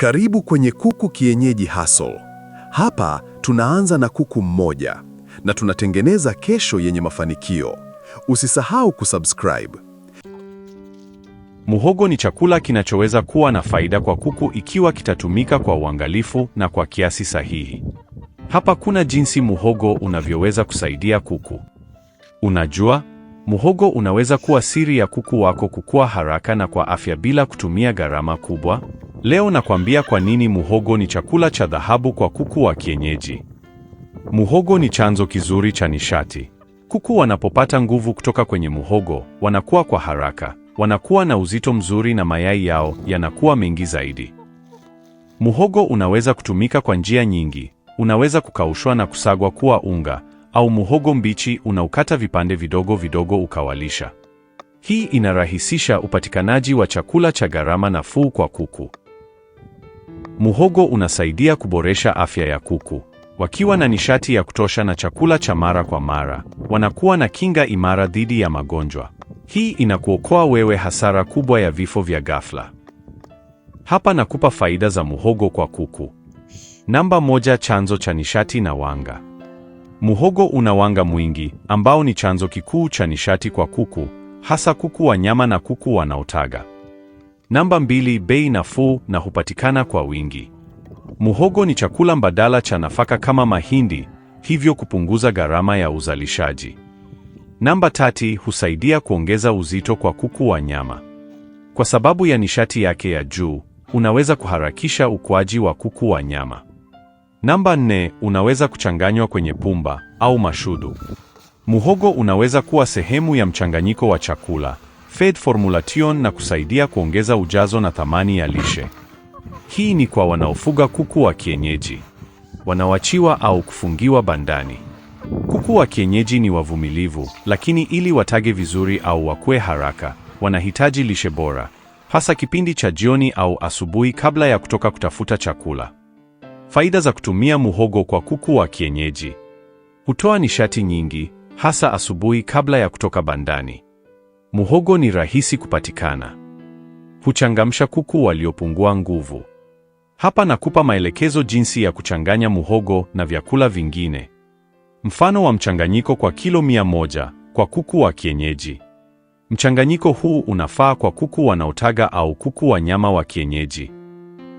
Karibu kwenye Kuku Kienyeji Hustle. Hapa tunaanza na kuku mmoja na tunatengeneza kesho yenye mafanikio. Usisahau kusubscribe. Muhogo ni chakula kinachoweza kuwa na faida kwa kuku ikiwa kitatumika kwa uangalifu na kwa kiasi sahihi. Hapa kuna jinsi muhogo unavyoweza kusaidia kuku. Unajua, muhogo unaweza kuwa siri ya kuku wako kukua haraka na kwa afya bila kutumia gharama kubwa. Leo nakwambia kwa nini muhogo ni chakula cha dhahabu kwa kuku wa kienyeji. Muhogo ni chanzo kizuri cha nishati. Kuku wanapopata nguvu kutoka kwenye muhogo, wanakuwa kwa haraka, wanakuwa na uzito mzuri na mayai yao yanakuwa mengi zaidi. Muhogo unaweza kutumika kwa njia nyingi. Unaweza kukaushwa na kusagwa kuwa unga, au muhogo mbichi unaukata vipande vidogo vidogo ukawalisha. Hii inarahisisha upatikanaji wa chakula cha gharama nafuu kwa kuku. Muhogo unasaidia kuboresha afya ya kuku. Wakiwa na nishati ya kutosha na chakula cha mara kwa mara, wanakuwa na kinga imara dhidi ya magonjwa. Hii inakuokoa wewe hasara kubwa ya vifo vya ghafla. Hapa nakupa faida za muhogo kwa kuku. Namba moja, chanzo cha nishati na wanga. Muhogo una wanga mwingi ambao ni chanzo kikuu cha nishati kwa kuku, hasa kuku wa nyama na kuku wanaotaga. Namba mbili, bei nafuu na hupatikana kwa wingi. Muhogo ni chakula mbadala cha nafaka kama mahindi, hivyo kupunguza gharama ya uzalishaji. Namba tatu, husaidia kuongeza uzito kwa kuku wa nyama. Kwa sababu ya nishati yake ya juu, unaweza kuharakisha ukuaji wa kuku wa nyama. Namba nne, unaweza kuchanganywa kwenye pumba au mashudu. Muhogo unaweza kuwa sehemu ya mchanganyiko wa chakula Fed Formulation na kusaidia kuongeza ujazo na thamani ya lishe. Hii ni kwa wanaofuga kuku wa kienyeji wanaoachiwa au kufungiwa bandani. Kuku wa kienyeji ni wavumilivu, lakini ili watage vizuri au wakue haraka, wanahitaji lishe bora, hasa kipindi cha jioni au asubuhi kabla ya kutoka kutafuta chakula. Faida za kutumia muhogo kwa kuku wa kienyeji: hutoa nishati nyingi, hasa asubuhi kabla ya kutoka bandani. Muhogo ni rahisi kupatikana, huchangamsha kuku waliopungua nguvu. Hapa nakupa maelekezo jinsi ya kuchanganya muhogo na vyakula vingine. Mfano wa mchanganyiko kwa kilo mia moja kwa kuku wa kienyeji. Mchanganyiko huu unafaa kwa kuku wanaotaga au kuku wa nyama wa kienyeji.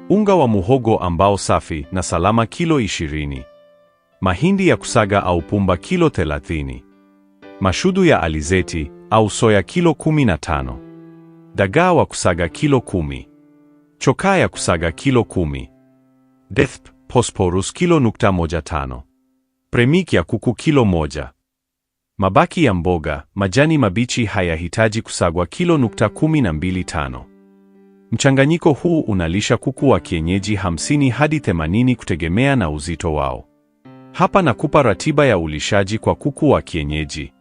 Unga wa muhogo ambao safi na salama kilo 20. Mahindi ya kusaga au pumba kilo 30. Mashudu ya alizeti au soya kilo kumi na tano, dagaa wa kusaga kilo kumi, chokaa ya kusaga kilo kumi, DESP posporus kilo nukta moja tano, premik ya kuku kilo moja. Mabaki ya mboga, majani mabichi hayahitaji kusagwa kilo nukta kumi na mbili tano. Mchanganyiko huu unalisha kuku wa kienyeji 50 hadi 80 kutegemea na uzito wao. Hapa nakupa ratiba ya ulishaji kwa kuku wa kienyeji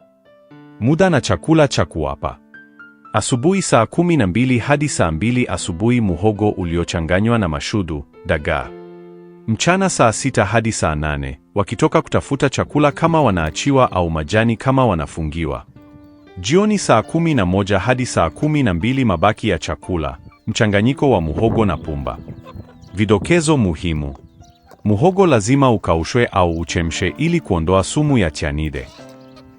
muda na chakula cha kuwapa. Asubuhi saa kumi na mbili hadi saa mbili asubuhi muhogo uliochanganywa na mashudu, dagaa. Mchana saa sita hadi saa nane wakitoka kutafuta chakula kama wanaachiwa au majani kama wanafungiwa. Jioni saa kumi na moja hadi saa kumi na mbili mabaki ya chakula, mchanganyiko wa muhogo na pumba. Vidokezo muhimu: muhogo lazima ukaushwe au uchemshe ili kuondoa sumu ya tianide.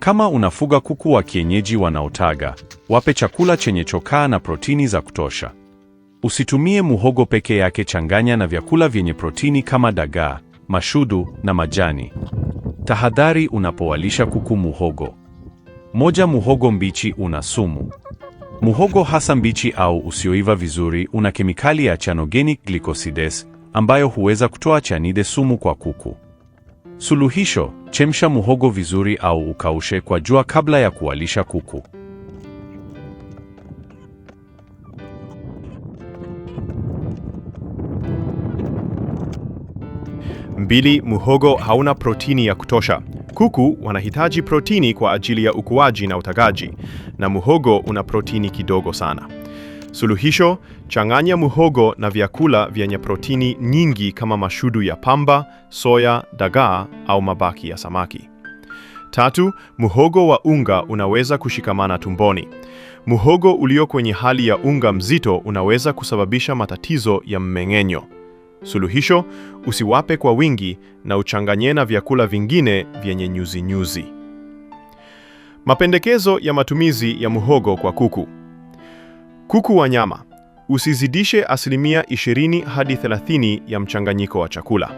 Kama unafuga kuku wa kienyeji wanaotaga, wape chakula chenye chokaa na protini za kutosha. Usitumie muhogo peke yake, changanya na vyakula vyenye protini kama dagaa, mashudu na majani. Tahadhari unapowalisha kuku muhogo. Moja, muhogo mbichi una sumu. Muhogo hasa mbichi au usioiva vizuri una kemikali ya cyanogenic glycosides ambayo huweza kutoa chanide, sumu kwa kuku. Suluhisho: chemsha muhogo vizuri au ukaushe kwa jua kabla ya kuwalisha kuku. Mbili, muhogo hauna protini ya kutosha. Kuku wanahitaji protini kwa ajili ya ukuaji na utagaji, na muhogo una protini kidogo sana. Suluhisho: changanya muhogo na vyakula vyenye protini nyingi kama mashudu ya pamba, soya, dagaa au mabaki ya samaki. Tatu, muhogo wa unga unaweza kushikamana tumboni. Muhogo ulio kwenye hali ya unga mzito unaweza kusababisha matatizo ya mmeng'enyo. Suluhisho: usiwape kwa wingi na uchanganye na vyakula vingine vyenye nyuzinyuzi. Mapendekezo ya matumizi ya muhogo kwa kuku. Kuku wa nyama, usizidishe asilimia 20 hadi 30 ya mchanganyiko wa chakula.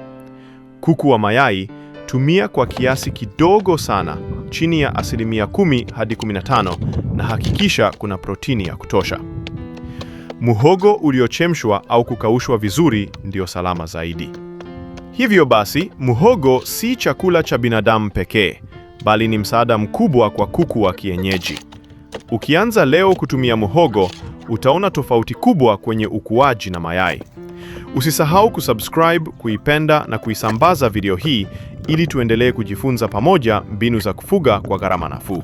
Kuku wa mayai, tumia kwa kiasi kidogo sana, chini ya asilimia 10 hadi 15, na hakikisha kuna protini ya kutosha. Muhogo uliochemshwa au kukaushwa vizuri ndio salama zaidi. Hivyo basi, muhogo si chakula cha binadamu pekee, bali ni msaada mkubwa kwa kuku wa kienyeji. Ukianza leo kutumia muhogo, utaona tofauti kubwa kwenye ukuaji na mayai. Usisahau kusubscribe, kuipenda na kuisambaza video hii ili tuendelee kujifunza pamoja mbinu za kufuga kwa gharama nafuu.